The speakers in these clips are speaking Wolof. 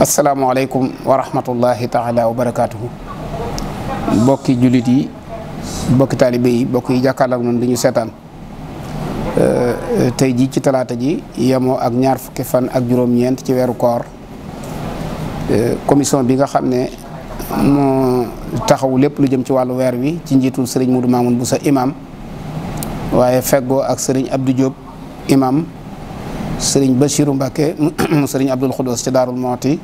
asalaamualeykum wa rahmatullahi taala wa barakaatuhu bokki jullit yi bokki taalibe yi bokk yi jàkkaarloo noonu di ñu seetaan euh, tey jii ci talaata ji yamoo ak ñaar fukki fan ak juróom-ñeent ci weeru koor euh, commission bi nga xam ne mu taxaw lépp lu jëm ci wàllu weer wi ci njiitul sëriñ Moudou Mamoun bu sa imaam waaye feggoo ak sëriñ Abdou Diop imam sëriñ Bachirou Mbacke sëriñ Abdoul Khoudous ci Daarul Mooti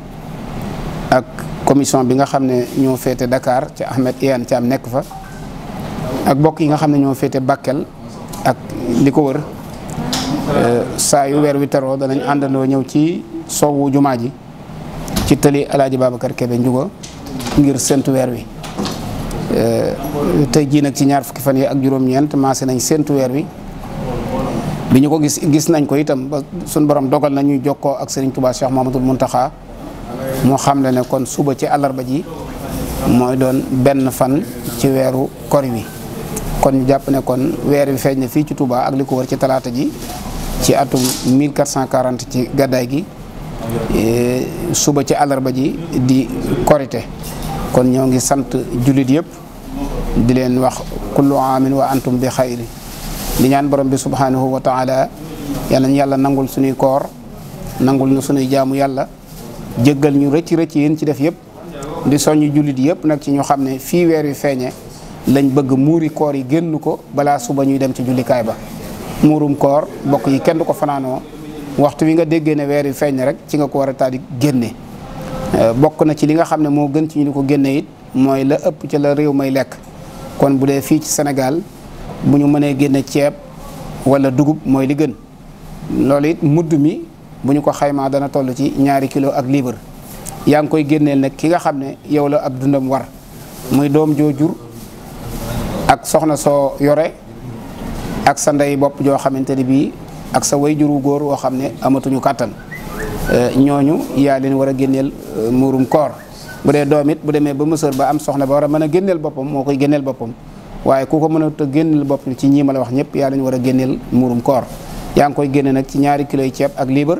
ak commission bi nga xam ne ñoo féete Dakar ci Ahmed Iyane am nekk fa ak bokk yi nga xam ne ñoo féete Bakel ak li ko wër euh, saa yu weer wi teroo danañ àndandoo ñëw ci soowu jumaa ji ci tëli Alaaji Babacar Kébé Ndiouga ngir séntu weer wi euh, tey jii nag ci ñaar fukki fan yi ak juróom-ñeent maase nañ seentu weer wi bi ñu ko gis gis nañ ko itam ba suñ borom dogal na ñuy jokkoo ak Serigne Touba Cheikh Mamadou Mountakha moo xam le ne kon suba ci àllarba ji mooy doon benn fan ci weeru kor wi kon ñu jàpp ne kon weer wi feeñ ne fii ci tubaa ak li ko wër ci talaata ji ci atum 1440 ci gàddaay gi e, suba ci àllarba ji di korite kon ñoo ngi sant jullit yëpp di leen wax kullu aamin wa antum bi xayri di ñaan borom bi subhanahu wa taala yal nañu yàlla nangul suñuy koor nangul ñu suñuy jaamu yàlla jëggal ñu rëcc rëcc yéen ci def yëpp di soññ jullit yëpp nag ci ñu xam ne fii weer wi feeñe lañ bëgg muuri koor yi génn ko balaa suba ñuy dem ci jullikaay ba muurum koor bokk yi kenn du ko fanaanoo waxtu wi nga déggee ne weer wi feeñ rek ci nga ko war a taal génne euh, bokk na ci li nga xam ne moo gën ci ñu di ko génne it mooy la ëpp ca la réew may lekk kon bu dee fii ci Sénégal bu ñu mënee génne ceeb wala dugub mooy li gën loolu it mudd mi bu ñu ko xaymaa dana toll ci ñaari kilo ak liibër yaa ngi koy génneel nag ki nga xam ne yow la ab dundam war muy doom joo jur ak soxna soo yore ak sa ndey bopp joo xamante ne bii ak sa way juru góor woo xam ne amatuñu kàttan eh, ñooñu yaa leen war a génneel eh, muurum koor bu dee doomit bu demee ba mësër ba am soxna ba war a mën a génneel boppam moo koy génneel boppam waaye ku ko mën a génneel bopp ci ñii ma la wax ñëpp yaa lañ war a génneel muurum koor yaa ngi koy génne nag ci ñaari kilo yi ceeb ak liibar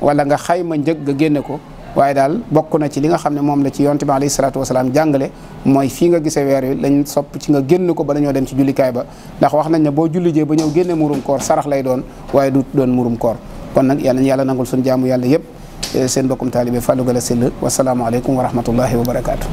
wala nga xayma njëg nga génne ko waaye daal bokk na ci li nga xam ne moom la ci yonte bi alayhi salaatu wasalaam jàngale mooy fii nga gisee weer wi lañ sopp ci nga génn ko ba dañoo dem ci jullikaay ba ndax wax nañ ne boo jullijee ba ñëw génne muurum koor sarax lay doon waaye du doon muurum koor kon nag yal nañ yàlla nangul suñu jaamu yàlla yëpp eh, seen bokkum taalibe Fallou Gala Syll wasalaamualeykum wa rahmatullahi wa barakaatu